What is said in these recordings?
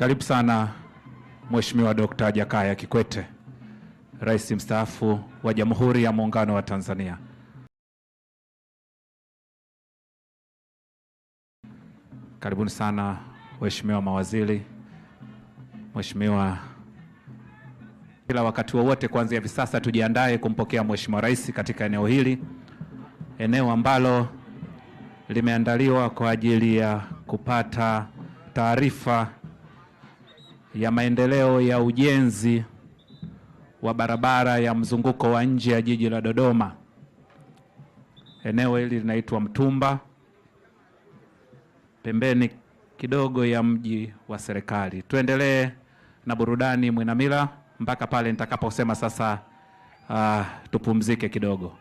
Karibu sana Mheshimiwa Dkt. Jakaya Kikwete, Rais mstaafu wa Jamhuri ya Muungano wa Tanzania. Karibuni sana Mheshimiwa mawaziri, Mheshimiwa kila wakati wowote wa kuanzia hivi sasa tujiandae kumpokea Mheshimiwa Rais katika eneo hili, eneo ambalo limeandaliwa kwa ajili ya kupata taarifa ya maendeleo ya ujenzi wa barabara ya mzunguko wa nje ya jiji la Dodoma. Eneo hili linaitwa Mtumba, pembeni kidogo ya mji wa serikali. Tuendelee na burudani Mwinamila mpaka pale nitakaposema sasa, uh, tupumzike kidogo.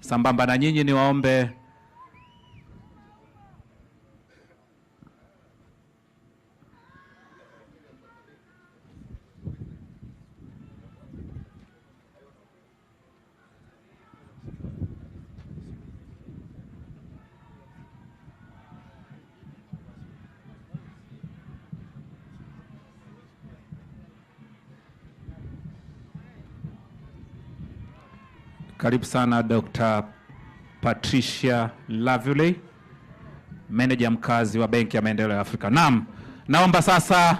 Sambamba na nyinyi niwaombe Karibu sana Dr. Patricia Lavuley, meneja mkazi wa Benki ya Maendeleo ya Afrika. Naam, naomba sasa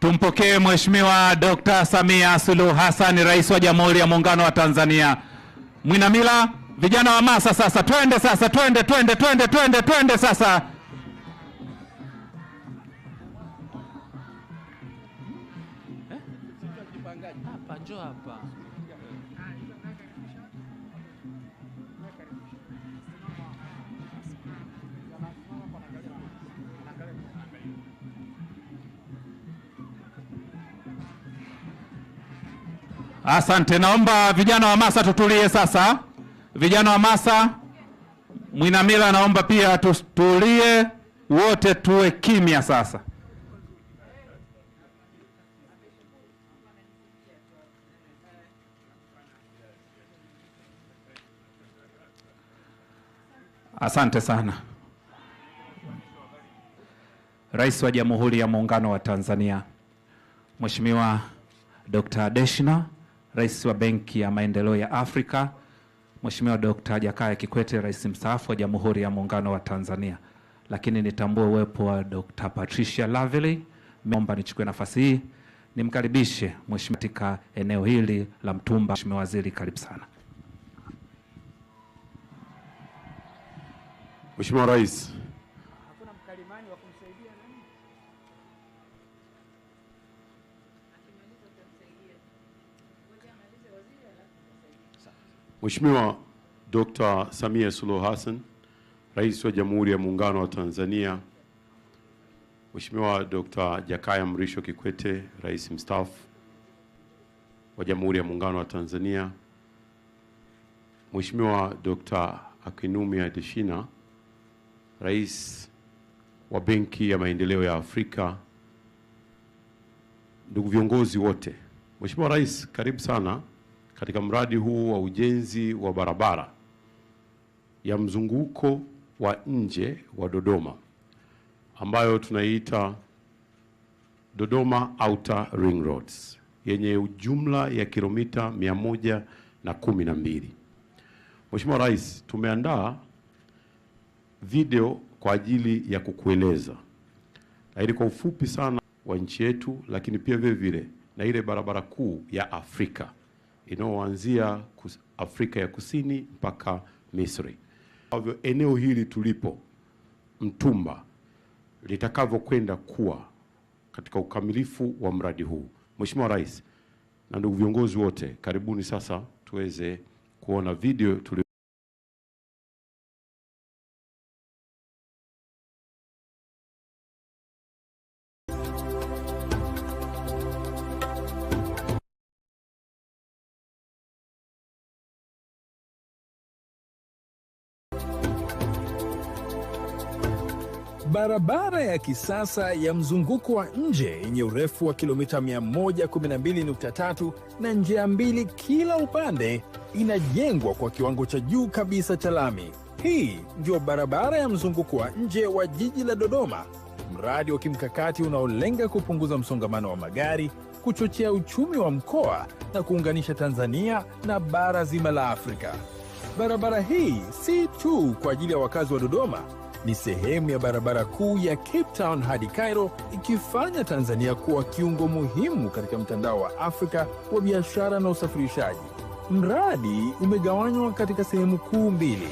tumpokee Mheshimiwa Dr. Samia Suluhu Hassan, Rais wa Jamhuri ya Muungano wa Tanzania. Mwinamila, vijana wa masa sasa, twende sasa, twende twende twende twende twende sasa. Eh? Hapa njoo hapa. Asante, naomba vijana wa Masa tutulie sasa. Vijana wa Masa Mwinamila, naomba pia tutulie wote, tuwe kimya sasa. Asante sana. Rais wa Jamhuri ya Muungano wa Tanzania Mheshimiwa Dr. Deshna Rais wa Benki ya Maendeleo ya Afrika Mheshimiwa Dkt. Jakaya Kikwete, Rais mstaafu wa Jamhuri ya Muungano wa Tanzania. Lakini nitambue uwepo wa Dkt. Patricia Lavely, naomba nichukue nafasi hii nimkaribishe mheshimiwa katika eneo hili la Mtumba. Mheshimiwa Waziri, karibu sana. Mheshimiwa Rais, Mheshimiwa Dr. Samia Suluhu Hassan, Rais wa Jamhuri ya Muungano wa Tanzania, Mheshimiwa Dr. Jakaya Mrisho Kikwete, Rais mstaafu wa Jamhuri ya Muungano wa Tanzania, Mheshimiwa Dr. Akinwumi Adesina, Rais wa Benki ya Maendeleo ya Afrika, ndugu viongozi wote. Mheshimiwa Rais, karibu sana katika mradi huu wa ujenzi wa barabara ya mzunguko wa nje wa Dodoma ambayo tunaiita Dodoma Outer Ring Roads yenye jumla ya kilomita mia moja na kumi na mbili. Mheshimiwa Rais, tumeandaa video kwa ajili ya kukueleza ili kwa ufupi sana wa nchi yetu, lakini pia vile vile na ile barabara kuu ya Afrika inayoanzia Afrika ya Kusini mpaka Misri, ambavyo eneo hili tulipo Mtumba litakavyokwenda kuwa katika ukamilifu wa mradi huu. Mheshimiwa Rais na ndugu viongozi wote, karibuni sasa tuweze kuona video tuli Barabara ya kisasa ya mzunguko wa nje yenye urefu wa kilomita 112.3 na njia mbili kila upande inajengwa kwa kiwango cha juu kabisa cha lami. Hii ndio barabara ya mzunguko wa nje wa jiji la Dodoma, mradi wa kimkakati unaolenga kupunguza msongamano wa magari, kuchochea uchumi wa mkoa na kuunganisha Tanzania na bara zima la Afrika. Barabara hii si tu kwa ajili ya wakazi wa Dodoma ni sehemu ya barabara kuu ya Cape Town hadi Cairo, ikifanya Tanzania kuwa kiungo muhimu katika mtandao wa Afrika wa biashara na usafirishaji. Mradi umegawanywa katika sehemu kuu mbili.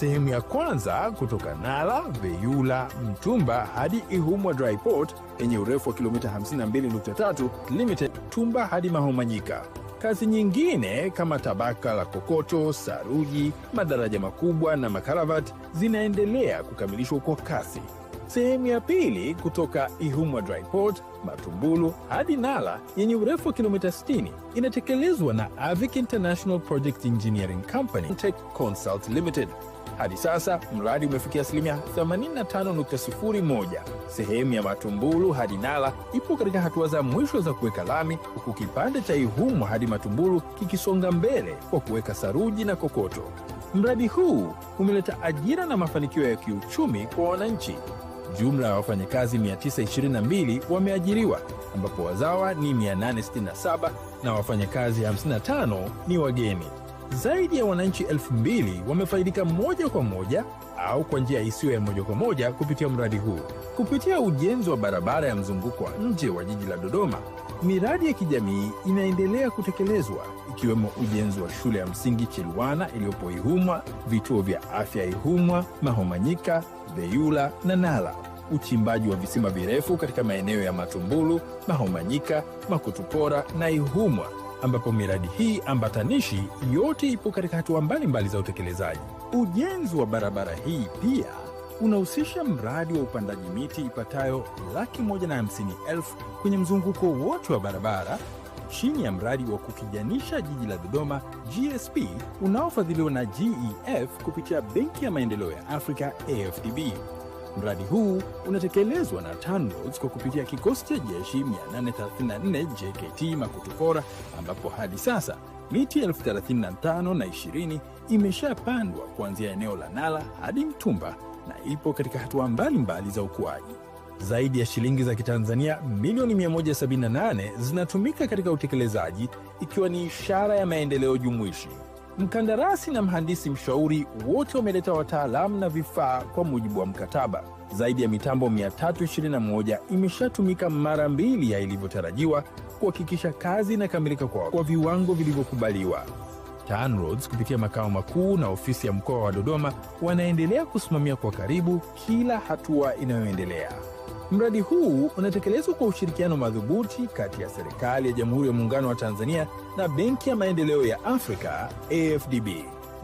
Sehemu ya kwanza kutoka Nala, Veyula, Mtumba hadi Ihumwa Dry Port yenye urefu wa kilomita 52.3 limited Tumba hadi Mahomanyika. Kazi nyingine kama tabaka la kokoto, saruji, madaraja makubwa na makaravat zinaendelea kukamilishwa kwa kasi. Sehemu ya pili kutoka Ihumwa Dry Port Matumbulu hadi Nala yenye urefu wa kilomita 60 inatekelezwa na Avic International Project Engineering Company Tech Consult Limited hadi sasa mradi umefikia asilimia 85.01. Sehemu ya Matumbulu hadi Nala ipo katika hatua za mwisho za kuweka lami, huku kipande cha Ihumwa hadi Matumbulu kikisonga mbele kwa kuweka saruji na kokoto. Mradi huu umeleta ajira na mafanikio ya kiuchumi kwa wananchi. Jumla ya wafanyakazi 922 wameajiriwa ambapo wazawa ni 867 na wafanyakazi 55 ni wageni. Zaidi ya wananchi elfu mbili wamefaidika moja kwa moja au kwa njia isiyo ya moja kwa moja kupitia mradi huu. Kupitia ujenzi wa barabara ya mzunguko wa nje wa jiji la Dodoma, miradi ya kijamii inaendelea kutekelezwa ikiwemo ujenzi wa shule ya msingi Chilwana iliyopo Ihumwa, vituo vya afya Ihumwa, Mahomanyika, Beyula na Nala, uchimbaji wa visima virefu katika maeneo ya Matumbulu, Mahomanyika, Makutupora na Ihumwa ambapo miradi hii ambatanishi yote ipo katika hatua mbalimbali za utekelezaji. Ujenzi wa barabara hii pia unahusisha mradi wa upandaji miti ipatayo laki moja na hamsini elfu kwenye mzunguko wote wa barabara chini ya mradi wa kukijanisha jiji la Dodoma GSP unaofadhiliwa na GEF kupitia Benki ya Maendeleo ya Afrika AFDB. Mradi huu unatekelezwa na TANROADS kwa kupitia kikosi cha jeshi 834 JKT makutukora ambapo hadi sasa miti elfu 35 na 20 imeshapandwa kuanzia eneo la Nala hadi Mtumba na ipo katika hatua mbalimbali za ukuaji. Zaidi ya shilingi za Kitanzania milioni 178 zinatumika katika utekelezaji, ikiwa ni ishara ya maendeleo jumuishi. Mkandarasi na mhandisi mshauri wote wameleta wataalamu na vifaa kwa mujibu wa mkataba. Zaidi ya mitambo 321 imeshatumika mara mbili ya ilivyotarajiwa kuhakikisha kazi inakamilika kwa, kwa viwango vilivyokubaliwa. TANROADS kupitia makao makuu na ofisi ya mkoa wa Dodoma wanaendelea kusimamia kwa karibu kila hatua inayoendelea. Mradi huu unatekelezwa kwa ushirikiano madhubuti kati ya serikali ya Jamhuri ya Muungano wa Tanzania na Benki ya Maendeleo ya Afrika AFDB.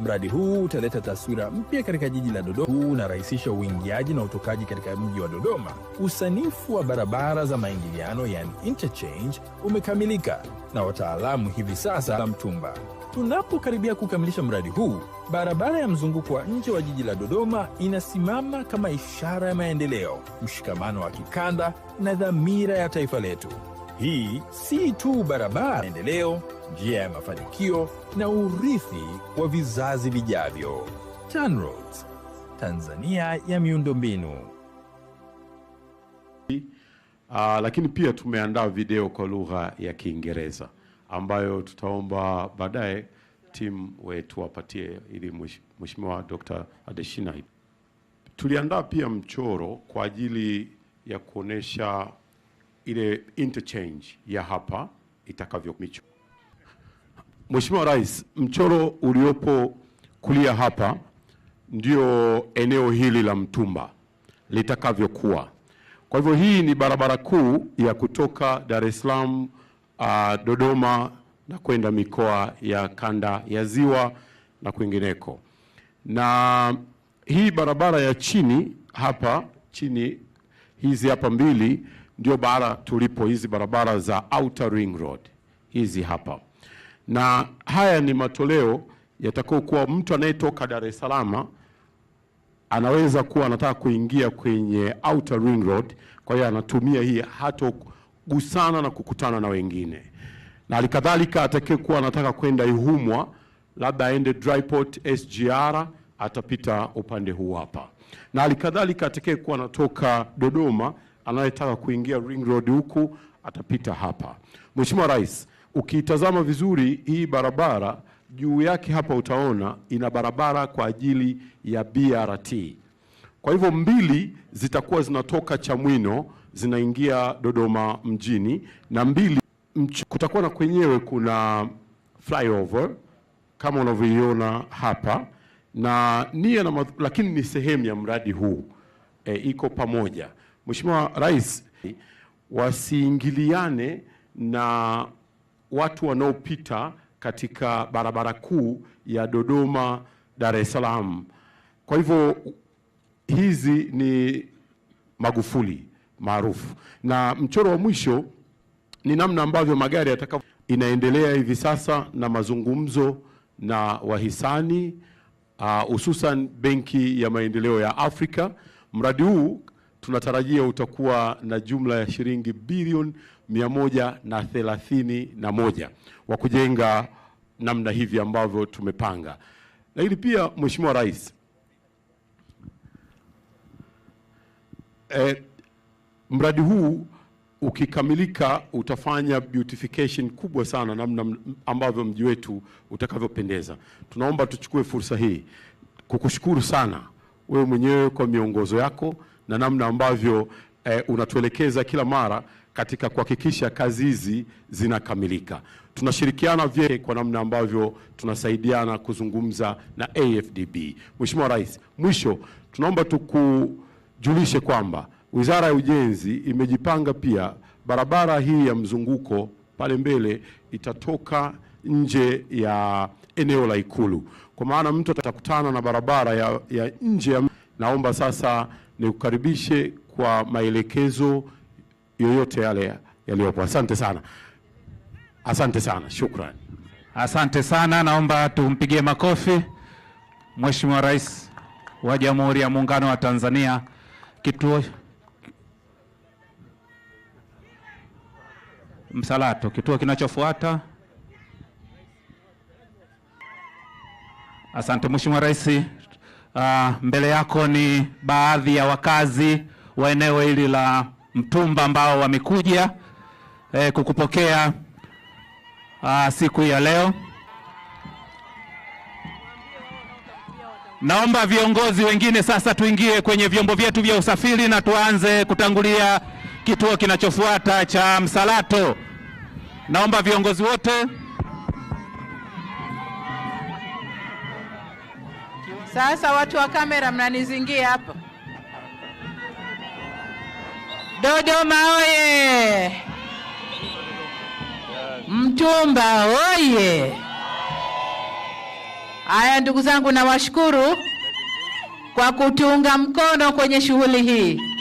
Mradi huu utaleta taswira mpya katika jiji la Dodoma. Huu unarahisisha uingiaji na utokaji katika mji wa Dodoma. Usanifu wa barabara za maingiliano yani interchange umekamilika na wataalamu hivi sasa la Mtumba Tunapokaribia kukamilisha mradi huu, barabara ya mzunguko wa nje wa jiji la Dodoma inasimama kama ishara ya maendeleo, mshikamano wa kikanda na dhamira ya taifa letu. Hii si tu barabara maendeleo, njia ya mafanikio na urithi wa vizazi vijavyo. TANROADS, Tanzania ya miundombinu. Uh, lakini pia tumeandaa video kwa lugha ya Kiingereza ambayo tutaomba baadaye timu wetu wapatie ili Mheshimiwa Dr. Adeshina. Tuliandaa pia mchoro kwa ajili ya kuonesha ile interchange ya hapa itakavyo micho. Mheshimiwa Rais, mchoro uliopo kulia hapa ndio eneo hili la Mtumba litakavyokuwa. Kwa hivyo hii ni barabara kuu ya kutoka Dar es Salaam uh, Dodoma na kwenda mikoa ya kanda ya ziwa na kwingineko. Na hii barabara ya chini hapa chini, hizi hapa mbili, ndio bara tulipo, hizi barabara za outer ring road hizi hapa, na haya ni matoleo kuwa mtu anayetoka Dar es Salaam anaweza kuwa anataka kuingia kwenye outer ring road, kwa hiyo anatumia hii hato kugusana na kukutana na wengine, na halikadhalika atakayekuwa anataka kwenda Ihumwa labda aende Dryport SGR atapita upande huu hapa, na halikadhalika atakayekuwa anatoka Dodoma anayetaka kuingia Ring Road huku atapita hapa. Mheshimiwa Rais, ukiitazama vizuri hii barabara juu yake hapa utaona ina barabara kwa ajili ya BRT. Kwa hivyo mbili zitakuwa zinatoka Chamwino zinaingia Dodoma mjini, na mbili mch... kutakuwa na kwenyewe kuna flyover kama unavyoiona hapa na nia na lakini ni sehemu ya mradi huu e, iko pamoja. Mheshimiwa Rais, wasiingiliane na watu wanaopita katika barabara kuu ya Dodoma Dar es Salaam. Kwa hivyo hizi ni Magufuli maarufu. Na mchoro wa mwisho ni namna ambavyo magari yatakavyo. Inaendelea hivi sasa na mazungumzo na wahisani uh, hususan uh, Benki ya Maendeleo ya Afrika. Mradi huu tunatarajia utakuwa na jumla ya shilingi bilioni mia moja na thelathini na moja wa kujenga namna hivi ambavyo tumepanga. Lakini pia Mheshimiwa Rais eh, Mradi huu ukikamilika utafanya beautification kubwa sana namna ambavyo mji wetu utakavyopendeza. Tunaomba tuchukue fursa hii kukushukuru sana wewe mwenyewe kwa miongozo yako na namna ambavyo eh, unatuelekeza kila mara katika kuhakikisha kazi hizi zinakamilika. Tunashirikiana vyema kwa namna ambavyo tunasaidiana kuzungumza na AFDB. Mheshimiwa Rais, mwisho tunaomba tukujulishe kwamba Wizara ya Ujenzi imejipanga pia, barabara hii ya mzunguko pale mbele itatoka nje ya eneo la Ikulu, kwa maana mtu atakutana na barabara ya, ya nje ya. Naomba sasa nikukaribishe kwa maelekezo yoyote yale yaliyopo. Asante sana, asante sana, shukrani, asante sana. Naomba tumpigie makofi Mheshimiwa Rais wa Jamhuri ya Muungano wa Tanzania. Kituo Msalato. Kituo kinachofuata. Asante Mheshimiwa Rais. Uh, mbele yako ni baadhi ya wakazi wa eneo hili la Mtumba ambao wamekuja eh, kukupokea uh, siku ya leo. Naomba viongozi wengine sasa tuingie kwenye vyombo vyetu vya usafiri na tuanze kutangulia kituo kinachofuata cha Msalato. Naomba viongozi wote. Sasa watu wa kamera mnanizingia hapa. Dodoma oye! Mtumba oye! Haya, ndugu zangu, nawashukuru kwa kutunga mkono kwenye shughuli hii.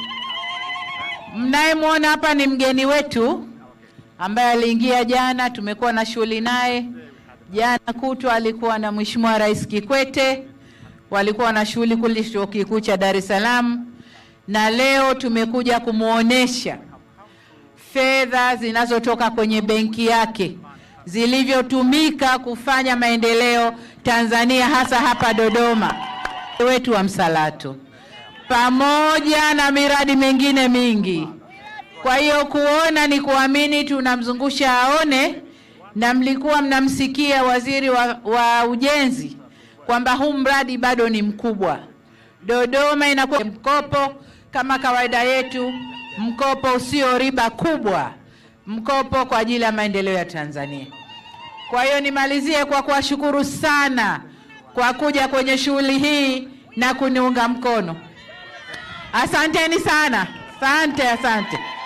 Mnayemwona hapa ni mgeni wetu ambaye aliingia jana, tumekuwa na shughuli naye jana kutwa. Alikuwa na Mheshimiwa Rais Kikwete, walikuwa na shughuli kule Chuo Kikuu cha Dar es Salaam, na leo tumekuja kumwonyesha fedha zinazotoka kwenye benki yake zilivyotumika kufanya maendeleo Tanzania, hasa hapa Dodoma wetu wa Msalato pamoja na miradi mingine mingi. Kwa hiyo kuona ni kuamini, tunamzungusha aone, na mlikuwa mnamsikia waziri wa, wa ujenzi kwamba huu mradi bado ni mkubwa. Dodoma inakuwa mkopo kama kawaida yetu, mkopo usio riba kubwa, mkopo kwa ajili ya maendeleo ya Tanzania. Kwa hiyo nimalizie kwa kuwashukuru sana kwa kuja kwenye shughuli hii na kuniunga mkono. Asanteni sana, asante, asante.